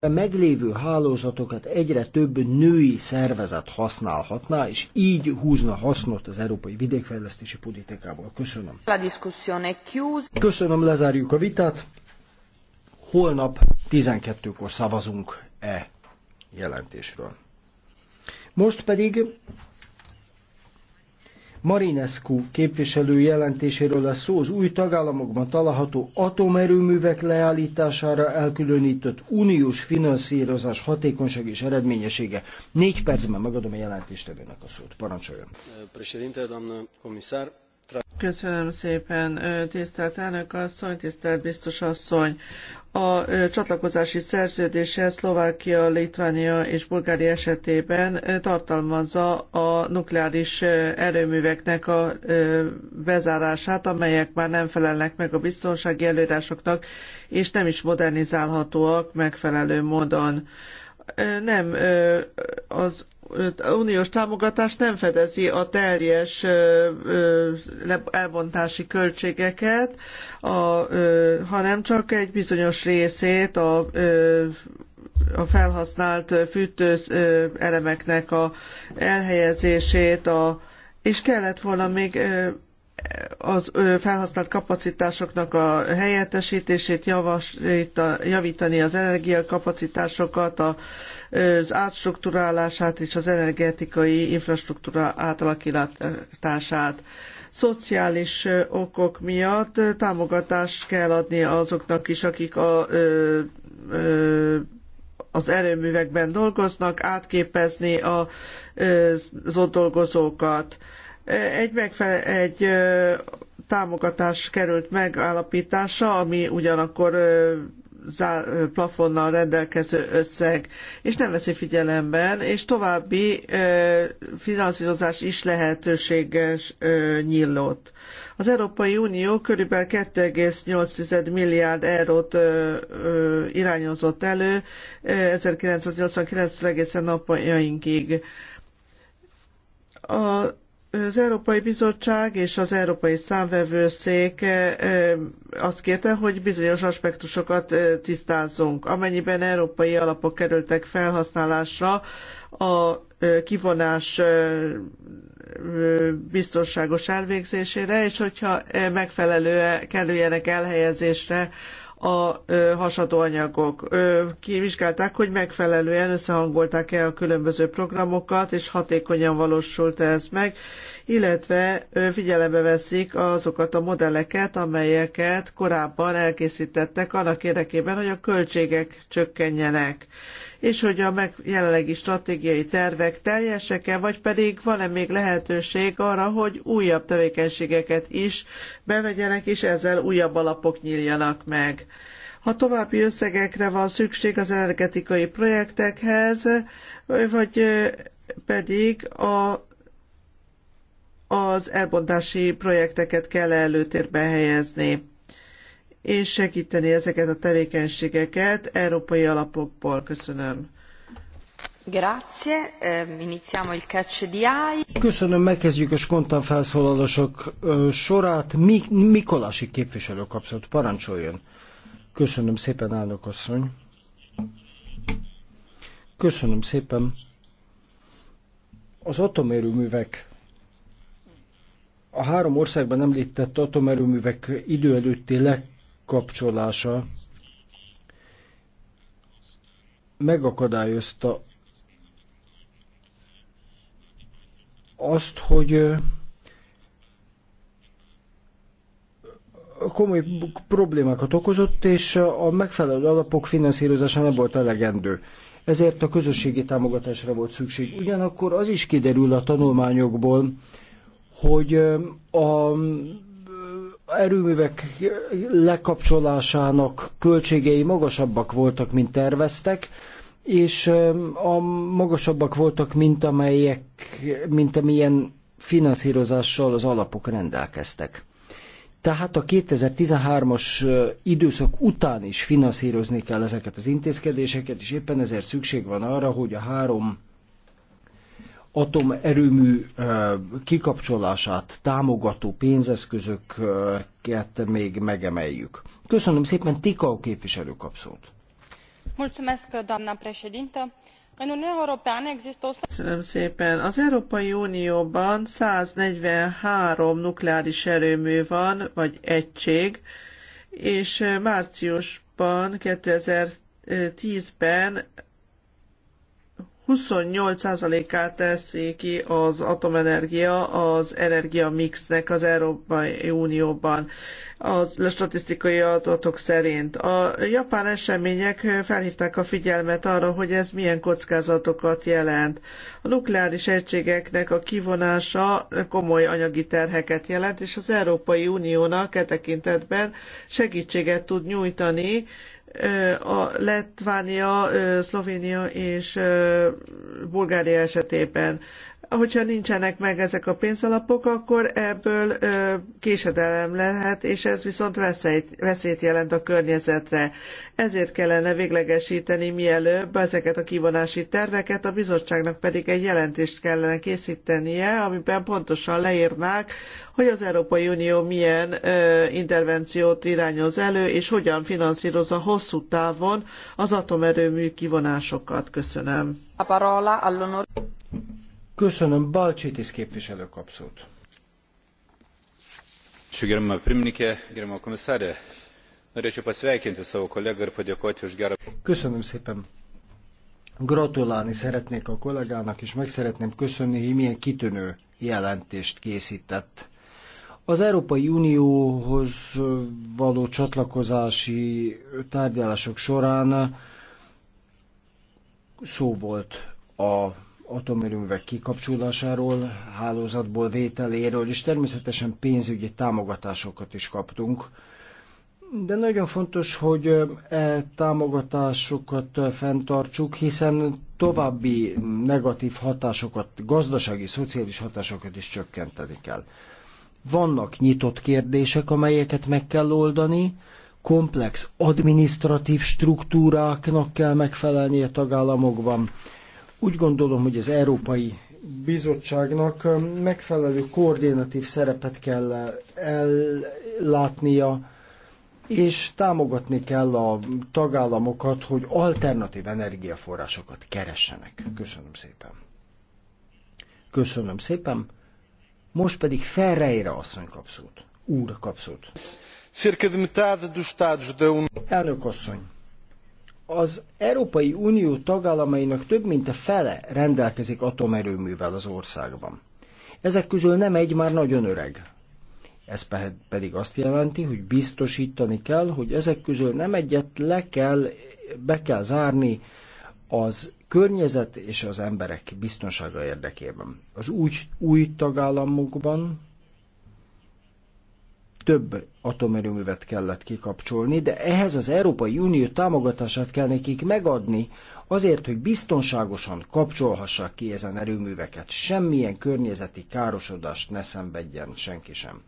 A meglévő hálózatokat egyre több női szervezet használhatná, és így húzna hasznot az európai vidékfejlesztési politikából. Köszönöm. La discussione chiusa. Köszönöm, lezárjuk a vitát. Holnap 12-kor szavazunk e jelentésről. Most pedig Marinescu képviselő jelentéséről lesz szó az új tagállamokban található atomerőművek leállítására elkülönített uniós finanszírozás hatékonyság és eredményessége. Négy percben megadom a jelentéstevőnek a szót. Parancsoljon. Köszönöm szépen, tisztelt elnök asszony, tisztelt biztos asszony a csatlakozási szerződése Szlovákia, Litvánia és Bulgária esetében tartalmazza a nukleáris erőműveknek a bezárását, amelyek már nem felelnek meg a biztonsági előírásoknak, és nem is modernizálhatóak megfelelő módon. Nem az uniós támogatás nem fedezi a teljes elbontási költségeket, a, hanem csak egy bizonyos részét a, a felhasznált fűtőelemeknek elemeknek a elhelyezését, a, és kellett volna még az felhasznált kapacitásoknak a helyettesítését, javítani az energiakapacitásokat, az átstruktúrálását és az energetikai infrastruktúra átalakítását. Szociális okok miatt támogatást kell adni azoknak is, akik a az erőművekben dolgoznak, átképezni az ott dolgozókat egy, megfele- egy támogatás került megállapítása, ami ugyanakkor zár, plafonnal rendelkező összeg, és nem veszi figyelemben, és további ö, finanszírozás is lehetőséges ö, nyillott. Az Európai Unió körülbelül 2,8 milliárd eurót ö, ö, irányozott elő 1989-től egészen napjainkig. A az Európai Bizottság és az Európai Számvevőszék azt kérte, hogy bizonyos aspektusokat tisztázzunk. Amennyiben európai alapok kerültek felhasználásra, a kivonás biztonságos elvégzésére, és hogyha megfelelően kerüljenek elhelyezésre a hasadó anyagok. Kivizsgálták, hogy megfelelően összehangolták-e a különböző programokat, és hatékonyan valósult ez meg, illetve figyelembe veszik azokat a modelleket, amelyeket korábban elkészítettek annak érdekében, hogy a költségek csökkenjenek és hogy a meg jelenlegi stratégiai tervek teljesek-e, vagy pedig van-e még lehetőség arra, hogy újabb tevékenységeket is bevegyenek, és ezzel újabb alapok nyíljanak meg. Ha további összegekre van szükség az energetikai projektekhez, vagy pedig a az elbontási projekteket kell előtérbe helyezni, és segíteni ezeket a tevékenységeket európai alapokból. Köszönöm. Grazie, ehm, iniziamo il catch di AI. Köszönöm, megkezdjük a spontán felszólalások sorát. Mik Mikolási képviselő kapszott, parancsoljon. Köszönöm szépen, állok asszony. Köszönöm szépen. Az atomerőművek a három országban említett atomerőművek idő előtti lekapcsolása megakadályozta azt, hogy komoly problémákat okozott, és a megfelelő alapok finanszírozása nem volt elegendő. Ezért a közösségi támogatásra volt szükség. Ugyanakkor az is kiderül a tanulmányokból, hogy a erőművek lekapcsolásának költségei magasabbak voltak, mint terveztek, és a magasabbak voltak, mint amelyek, mint amilyen finanszírozással az alapok rendelkeztek. Tehát a 2013-as időszak után is finanszírozni kell ezeket az intézkedéseket, és éppen ezért szükség van arra, hogy a három atomerőmű kikapcsolását támogató pénzeszközöket még megemeljük. Köszönöm szépen, a képviselő kapszót. Mulțumesc, doamna președintă. În Uniunea Europeană există Köszönöm szépen. Az Európai Unióban 143 nukleáris erőmű van, vagy egység, és márciusban 2010-ben 28%-át teszi ki az atomenergia az energiamixnek az Európai Unióban az a statisztikai adatok szerint. A japán események felhívták a figyelmet arra, hogy ez milyen kockázatokat jelent. A nukleáris egységeknek a kivonása komoly anyagi terheket jelent, és az Európai Uniónak e tekintetben segítséget tud nyújtani, a Letvánia, Szlovénia és Bulgária esetében hogyha nincsenek meg ezek a pénzalapok, akkor ebből ö, késedelem lehet, és ez viszont veszélyt, veszélyt jelent a környezetre. Ezért kellene véglegesíteni mielőbb ezeket a kivonási terveket, a bizottságnak pedig egy jelentést kellene készítenie, amiben pontosan leírnák, hogy az Európai Unió milyen ö, intervenciót irányoz elő, és hogyan finanszírozza hosszú távon az atomerőmű kivonásokat. Köszönöm. A parola Köszönöm, Balcsitis képviselő kapszót. Gerbiama pirmininkė, gerbiama komisarė, norėčiau pasveikinti savo kolegą ir padėkoti už gerą. Köszönöm szépen. Gratulálni szeretnék a kollégának, és meg szeretném köszönni, hogy milyen kitűnő jelentést készített. Az Európai Unióhoz való csatlakozási tárgyalások során szó volt a atomerőművek kikapcsolásáról, hálózatból vételéről, és természetesen pénzügyi támogatásokat is kaptunk. De nagyon fontos, hogy e támogatásokat fenntartsuk, hiszen további negatív hatásokat, gazdasági, szociális hatásokat is csökkenteni kell. Vannak nyitott kérdések, amelyeket meg kell oldani, komplex adminisztratív struktúráknak kell megfelelni a tagállamokban, úgy gondolom, hogy az Európai Bizottságnak um, megfelelő koordinatív szerepet kell ellátnia, és támogatni kell a tagállamokat, hogy alternatív energiaforrásokat keressenek. Köszönöm szépen. Köszönöm szépen. Most pedig Ferreira asszony kapszót. Úr kapszót. Circa de metade dos Estados da União. Elnök asszony, az Európai Unió tagállamainak több mint a fele rendelkezik atomerőművel az országban. Ezek közül nem egy már nagyon öreg. Ez pedig azt jelenti, hogy biztosítani kell, hogy ezek közül nem egyet le kell, be kell zárni az környezet és az emberek biztonsága érdekében. Az új, új tagállamokban több atomerőművet kellett kikapcsolni, de ehhez az Európai Unió támogatását kell nekik megadni, azért, hogy biztonságosan kapcsolhassák ki ezen erőműveket. Semmilyen környezeti károsodást ne szenvedjen senki sem.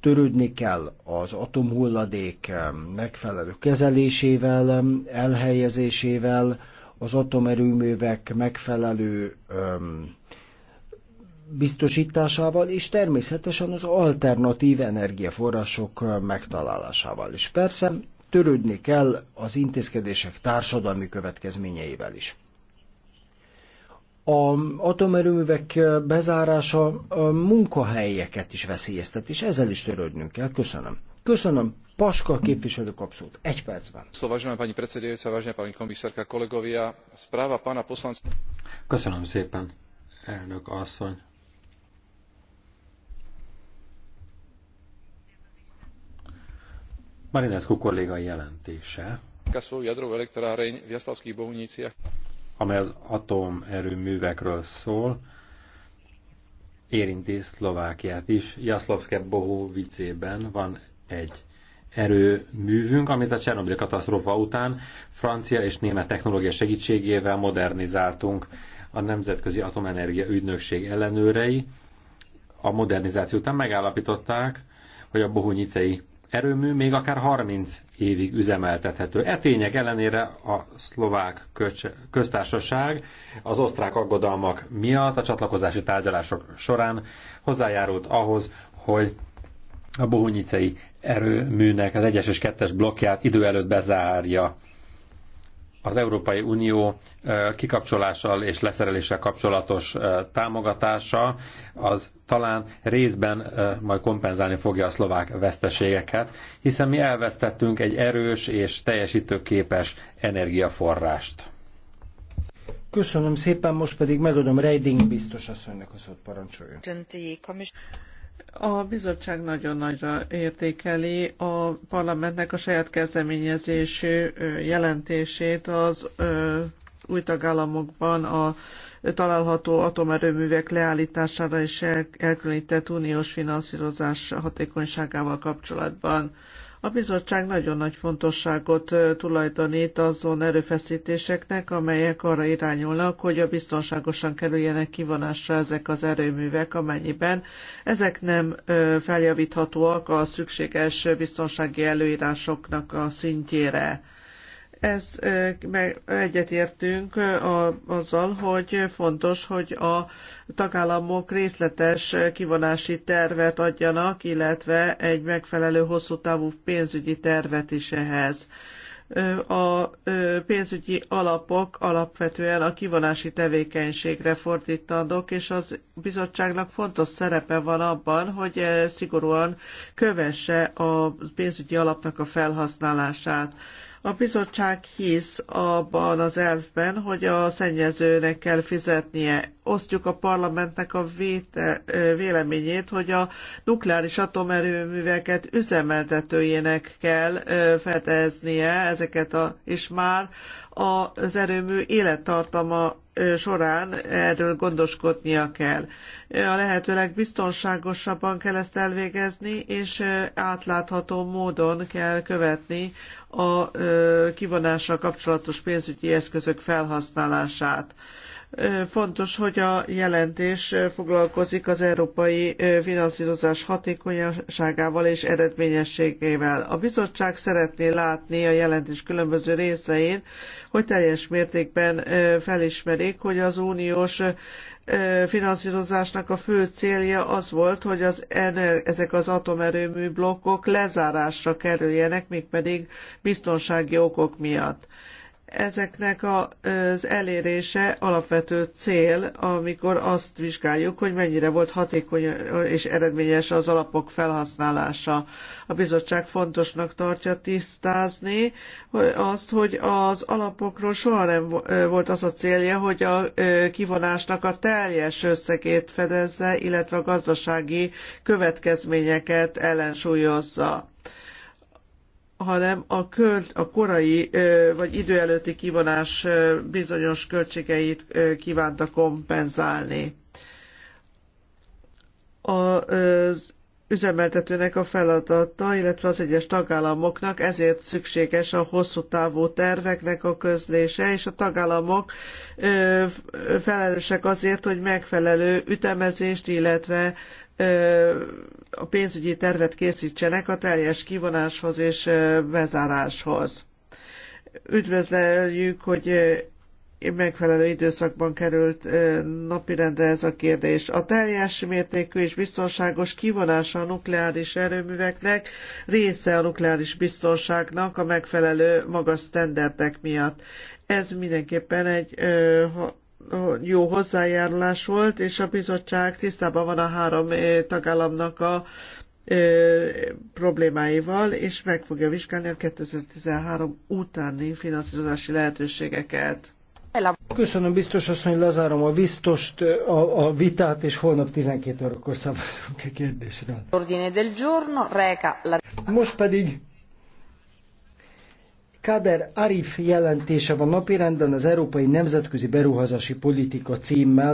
Törődni kell az atomhulladék megfelelő kezelésével, elhelyezésével, az atomerőművek megfelelő öm, biztosításával, és természetesen az alternatív energiaforrások megtalálásával is. Persze törődni kell az intézkedések társadalmi következményeivel is. A atomerőművek bezárása a munkahelyeket is veszélyeztet, és ezzel is törődnünk kell. Köszönöm. Köszönöm. Paska képviselő kapszót. Egy percben. Szóval, pani predsedajúca, vážená pani komisárka, kolegovia, správa pana poslanca... Köszönöm szépen, elnök asszony. Marinescu kolléga jelentése, amely az atomerőművekről szól, érinti Szlovákiát is. Jaszlovszke Bohovicében van egy erőművünk, amit a Csernobyl katasztrófa után francia és német technológia segítségével modernizáltunk a Nemzetközi Atomenergia Ügynökség ellenőrei. A modernizáció után megállapították, hogy a bohunyicei erőmű még akár 30 évig üzemeltethető. E tények ellenére a szlovák köztársaság az osztrák aggodalmak miatt a csatlakozási tárgyalások során hozzájárult ahhoz, hogy a bohunyicei erőműnek az 1-es és 2-es blokkját idő előtt bezárja az Európai Unió kikapcsolással és leszereléssel kapcsolatos támogatása az talán részben majd kompenzálni fogja a szlovák veszteségeket, hiszen mi elvesztettünk egy erős és teljesítőképes energiaforrást. Köszönöm szépen, most pedig megadom Reiding biztos asszonynak a szót parancsoljon. A bizottság nagyon nagyra értékeli a parlamentnek a saját kezdeményezésű jelentését az új tagállamokban a található atomerőművek leállítására és elkülönített uniós finanszírozás hatékonyságával kapcsolatban. A bizottság nagyon nagy fontosságot tulajdonít azon erőfeszítéseknek, amelyek arra irányulnak, hogy a biztonságosan kerüljenek kivonásra ezek az erőművek, amennyiben ezek nem feljavíthatóak a szükséges biztonsági előírásoknak a szintjére ez meg egyetértünk a, azzal, hogy fontos, hogy a tagállamok részletes kivonási tervet adjanak, illetve egy megfelelő hosszú távú pénzügyi tervet is ehhez a pénzügyi alapok alapvetően a kivonási tevékenységre fordítandók, és az bizottságnak fontos szerepe van abban, hogy szigorúan kövesse a pénzügyi alapnak a felhasználását. A bizottság hisz abban az elfben, hogy a szennyezőnek kell fizetnie. Osztjuk a parlamentnek a véte, véleményét, hogy a nukleáris atomerőműveket üzemeltetőjének kell fedeznie ezeket, a, és már az erőmű élettartama során erről gondoskodnia kell. A lehetőleg biztonságosabban kell ezt elvégezni, és átlátható módon kell követni a kivonással kapcsolatos pénzügyi eszközök felhasználását Fontos, hogy a jelentés foglalkozik az európai finanszírozás hatékonyságával és eredményességével. A bizottság szeretné látni a jelentés különböző részein, hogy teljes mértékben felismerik, hogy az uniós finanszírozásnak a fő célja az volt, hogy az ener- ezek az atomerőmű blokkok lezárásra kerüljenek, mégpedig biztonsági okok miatt. Ezeknek az elérése alapvető cél, amikor azt vizsgáljuk, hogy mennyire volt hatékony és eredményes az alapok felhasználása. A bizottság fontosnak tartja tisztázni azt, hogy az alapokról soha nem volt az a célja, hogy a kivonásnak a teljes összegét fedezze, illetve a gazdasági következményeket ellensúlyozza hanem a, költ, a korai vagy idő előtti kivonás bizonyos költségeit kívánta kompenzálni. Az üzemeltetőnek a feladata, illetve az egyes tagállamoknak, ezért szükséges a hosszú távú terveknek a közlése, és a tagállamok felelősek azért, hogy megfelelő ütemezést, illetve a pénzügyi tervet készítsenek a teljes kivonáshoz és bezáráshoz. Üdvözleljük, hogy megfelelő időszakban került napirendre ez a kérdés. A teljes mértékű és biztonságos kivonása a nukleáris erőműveknek része a nukleáris biztonságnak a megfelelő magas sztenderdek miatt. Ez mindenképpen egy jó hozzájárulás volt, és a bizottság tisztában van a három tagállamnak a problémáival, és meg fogja vizsgálni a 2013 utáni finanszírozási lehetőségeket. Köszönöm biztos asszony, lezárom a biztost, a, a vitát, és holnap 12 órakor szavazunk a kérdésre. Most pedig Kader Arif jelentése van napirenden az Európai Nemzetközi Beruházási Politika címmel.